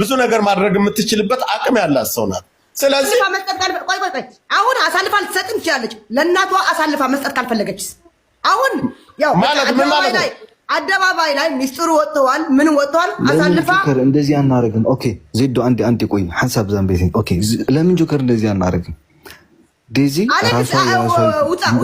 ብዙ ነገር ማድረግ የምትችልበት አቅም ያላት ሰው ናት። ስለዚህ አሁን አሳልፋ ልትሰጥ ትችላለች። ለእናቷ አሳልፋ መስጠት ካልፈለገች አሁን ማለት ምን ማለት ነው? አደባባይ ላይ ሚስጥሩ ወጥተዋል። ምን ወጥተዋል? አሳልፋ እንደዚህ አናደርግም። ኦኬ ዜዶ አንድ አንዴ ቆይ ሀሳብ ዛንቤት ኦኬ ለምን ጆከር እንደዚህ አናደርግም? ዴዚ ራሷ አንተ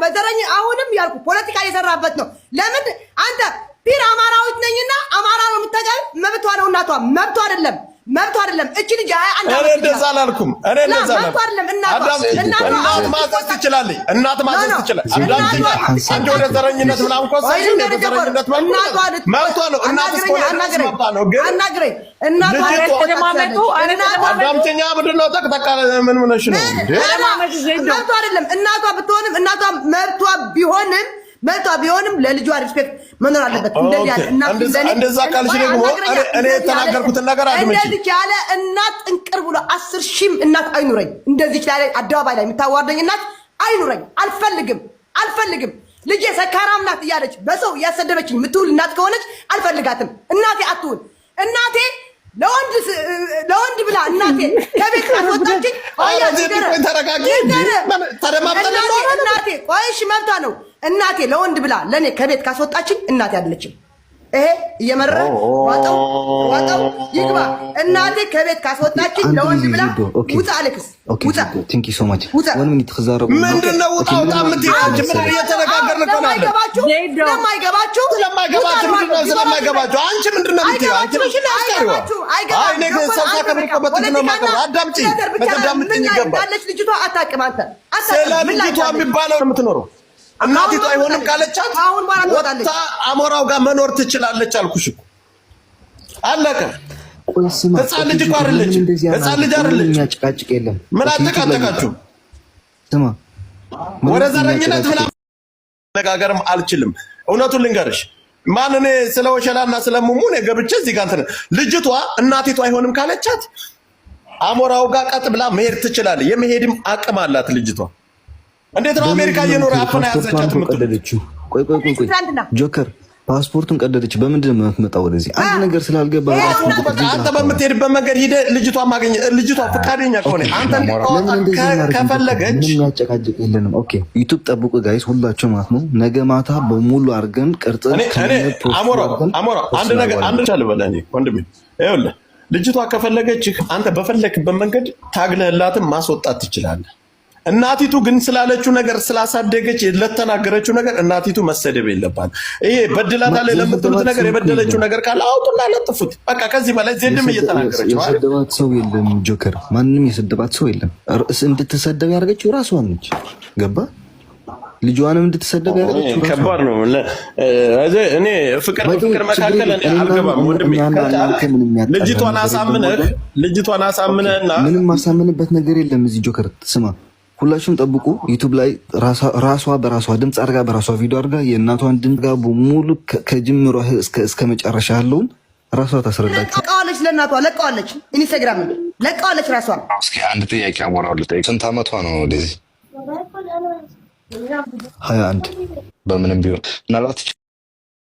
በዘረኝ አሁንም ያልኩ ፖለቲካ የሰራበት ነው። ለምን አንተ ፒር አማራዊት ነኝና አማራ ነው የምታውቀው። መብቷ ነው እናቷ መብቷ አይደለም መብቱ አይደለም። እቺ ልጅ አይ አንድ አመት እንደዛ አላልኩም እኔ እንደዛ አላልኩም። እናት ማዘዝ ትችላለች። እናት ማዘዝ ትችላለች። አንድ ወደ ዘረኝነት ምናምን እኮ ሳይሆን ወደ ዘረኝነት መብቷ ነው። እናት ስኮላ መብቷ ነው። ግን እናት አዳምጪኛ። ምንድን ነው ጠቅጠቃ ምን ምነሽ ነው መብቷ አይደለም። እናቷ ብትሆንም እናቷ መብቷ ቢሆንም መቷ ቢሆንም ለልጇ ሪስፔክት መኖር አለበት። እንደዛ ካልሽ ደግሞ እኔ የተናገርኩትን ነገር አድምጪ። እንደዚህ ያለ እናት እንቅር ብሎ አስር ሺህም እናት አይኑረኝ። እንደዚህ ያለ አደባባይ ላይ የምታዋርደኝ እናት አይኑረኝ። አልፈልግም፣ አልፈልግም። ልጄ ሰካራም ናት እያለች በሰው እያሰደበችኝ የምትውል እናት ከሆነች አልፈልጋትም። እናቴ አትሁን። እናቴ ለወንድ ብላ እናቴ ከቤት አስወጣችኝ። እናቴ ቆይሽ መብቷ ነው። እናቴ ለወንድ ብላ ለእኔ ከቤት ካስወጣችኝ እናቴ አይደለችም። ይሄ እየመረረ ዋጠው ዋጠው ይግባ። እናቴ ከቤት ካስወጣችኝ ለወንድ ብላ ውጣ፣ አሌክስ ውጣ። ምንድን ነው ውጣ ውጣ ምን እየተነጋገርን ነው? ስለማይገባችሁ ስለማይገባችሁ ምንድን ነው ስለማይገባችሁ? አንቺ ምንድን ነው የምትይው? አንቺ ምንድን ነው የምትይው? እኔ ግን ሰው ከምቀበጥ ነው ማቀበል። አዳምጪኝ፣ መታዳምጪኝ ይገባል። ልጅቷ አታውቅም። አንተ ስለ ልጅቷ የሚባለው የምትኖረው እናቲቷ አይሆንም ካለቻት ወጣ አሞራው ጋር መኖር ትችላለች። አልኩሽ እኮ አለቀ። ህፃን ልጅ እኮ አይደለች፣ ህፃን ልጅ አይደለች። ምን አጠቃጠቃችሁ? ወደ ዘረኝነት ምናምን መነጋገርም አልችልም። እውነቱን ልንገርሽ ማን እኔ ስለ ወሸላና ስለ ሙሙን ገብቼ እዚህ ጋር እንትን ልጅቷ እናቴቷ አይሆንም ካለቻት አሞራው ጋር ቀጥ ብላ መሄድ ትችላለች። የመሄድም አቅም አላት ልጅቷ። እንዴት ነው አሜሪካ እየኖረ አፍና ያዘቻት ምትልችው? ቆይ ጆከር ፓስፖርቱን ቀደደች። በምንድን ነው የምትመጣ ወደዚህ? አንድ ነገር ስላልገባ አንተ በምትሄድበት መንገድ ሂደህ ልጅቷ ማገኘ ልጅቷ ፈቃደኛ ከሆነ አንተ ከፈለገች የሚያጨቃጭቅ የለንም። ኦኬ ዩቱብ ጠብቁ ጋይስ፣ ሁላችሁ ማለት ነው። ነገ ማታ በሙሉ አድርገን ቅርጽ ወንድሜ ልጅቷ ከፈለገችህ አንተ በፈለግበት መንገድ ታግለህላትም ማስወጣት ትችላለህ። እናቲቱ ግን ስላለችው ነገር ስላሳደገች ለተናገረችው ነገር እናቲቱ መሰደብ የለባት። ይሄ በድላታ ላይ ለምትሉት ነገር የበደለችው ነገር ካለ አውጡና ለጥፉት። በቃ ከዚህ በላይ ዜድም እየተናገረች የሰደባት ሰው የለም። ጆከር ማንም የሰደባት ሰው የለም። እንድትሰደብ ያደርገችው ራሷ ነች። ገባ ልጇንም እንድትሰደብ ያደረገችው ከባድ ነው። እኔ ፍቅር ፍቅር መካከል አልገባም ልጅቷን አሳምነህ ልጅቷን አሳምነህና ምንም ማሳምንበት ነገር የለም እዚህ ጆከር ስማ ሁላችሁም ጠብቁ። ዩቱብ ላይ ራሷ በራሷ ድምፅ አድርጋ በራሷ ቪዲዮ አድርጋ የእናቷን ድምፅ ጋር በሙሉ ከጅምሮ እስከ መጨረሻ ያለውን ራሷ ታስረዳችሁ። ለቀዋለች፣ ለእናቷ ለቀዋለች፣ ኢንስታግራም ለቀዋለች ራሷ። እስኪ አንድ ጥያቄ አሞራው ልጠይቅ። ስንት አመቷ ነው ወደዚህ? ሀያ አንድ በምንም ቢሆን ምናልባት